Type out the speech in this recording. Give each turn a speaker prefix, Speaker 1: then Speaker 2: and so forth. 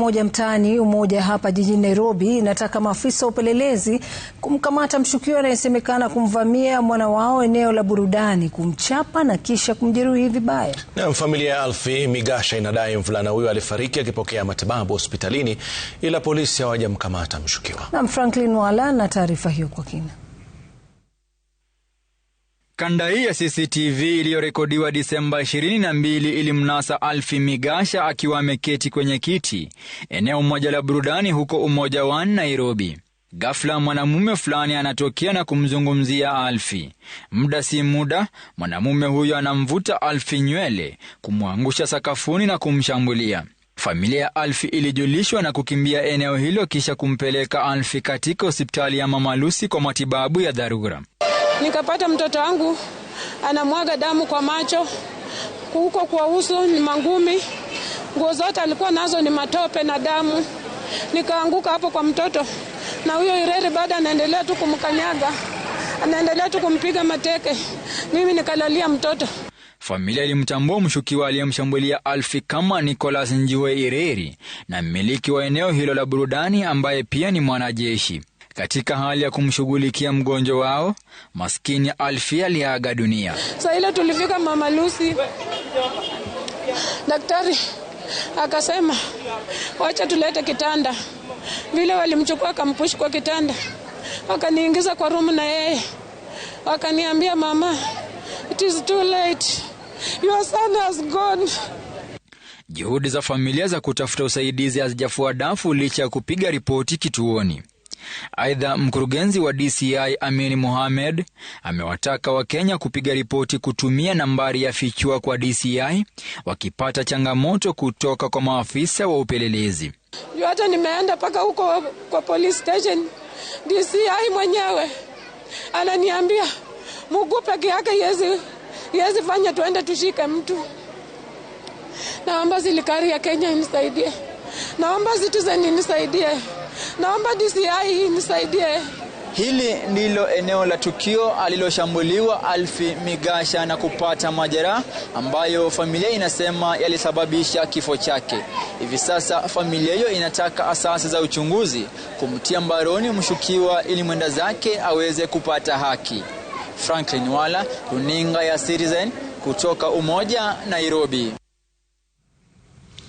Speaker 1: moja mtaani Umoja hapa jijini Nairobi inataka maafisa wa upelelezi kumkamata mshukiwa anayesemekana kumvamia mwana wao eneo la burudani, kumchapa na kisha kumjeruhi vibaya.
Speaker 2: Na familia ya alfi Migasha inadai mvulana huyo alifariki akipokea matibabu hospitalini ila polisi hawajamkamata mshukiwa.
Speaker 1: Na Franklin Wala na taarifa hiyo kwa kina.
Speaker 3: Kanda hii ya CCTV iliyorekodiwa Disemba 22 ilimnasa Alfi Migasha akiwa ameketi kwenye kiti eneo moja la burudani huko Umoja wa Nairobi. Ghafla mwanamume fulani anatokea na kumzungumzia Alfi. Muda si muda, mwanamume huyo anamvuta Alfi nywele, kumwangusha sakafuni na kumshambulia. Familia ya Alfi ilijulishwa na kukimbia eneo hilo kisha kumpeleka Alfi katika hospitali ya Mama Lucy kwa matibabu ya dharura
Speaker 4: nikapata mtoto wangu anamwaga damu kwa macho, huko kwa uso ni mangumi, nguo zote alikuwa nazo ni matope na damu. Nikaanguka hapo kwa mtoto, na huyo Ireri bado anaendelea tu kumkanyaga, anaendelea tu kumpiga mateke. Mimi nikalalia mtoto.
Speaker 3: Familia ilimtambua mshukiwa aliyemshambulia Alfi kama Nicolas Njiwe Ireri na mmiliki wa eneo hilo la burudani ambaye pia ni mwanajeshi katika hali ya kumshughulikia mgonjwa wao maskini Alfia aliaga dunia.
Speaker 4: Saa ile tulifika Mama Lucy, daktari akasema wacha tulete kitanda. Vile walimchukua akampushi kwa kitanda, wakaniingiza kwa rumu na yeye wakaniambia, mama, it is too late, your son has gone.
Speaker 3: Juhudi za familia za kutafuta usaidizi hazijafua dafu licha ya kupiga ripoti kituoni. Aidha, mkurugenzi wa DCI Amin Mohamed amewataka Wakenya kupiga ripoti kutumia nambari ya fichua kwa DCI wakipata changamoto kutoka kwa maafisa wa upelelezi.
Speaker 4: Juu hata nimeenda mpaka huko kwa police station, DCI mwenyewe ananiambia mguu peke yake iwezi fanya, tuende tushike mtu. Naomba serikali ya Kenya inisaidie, naomba citizen inisaidie. Naomba DCI nisaidie.
Speaker 3: Hili ndilo eneo la tukio aliloshambuliwa Alfi Migasha na kupata majeraha ambayo familia inasema yalisababisha kifo chake. Hivi sasa familia hiyo inataka asasi za uchunguzi kumtia mbaroni mshukiwa ili mwenda zake aweze kupata haki. Franklin Wala, runinga ya Citizen kutoka Umoja, Nairobi.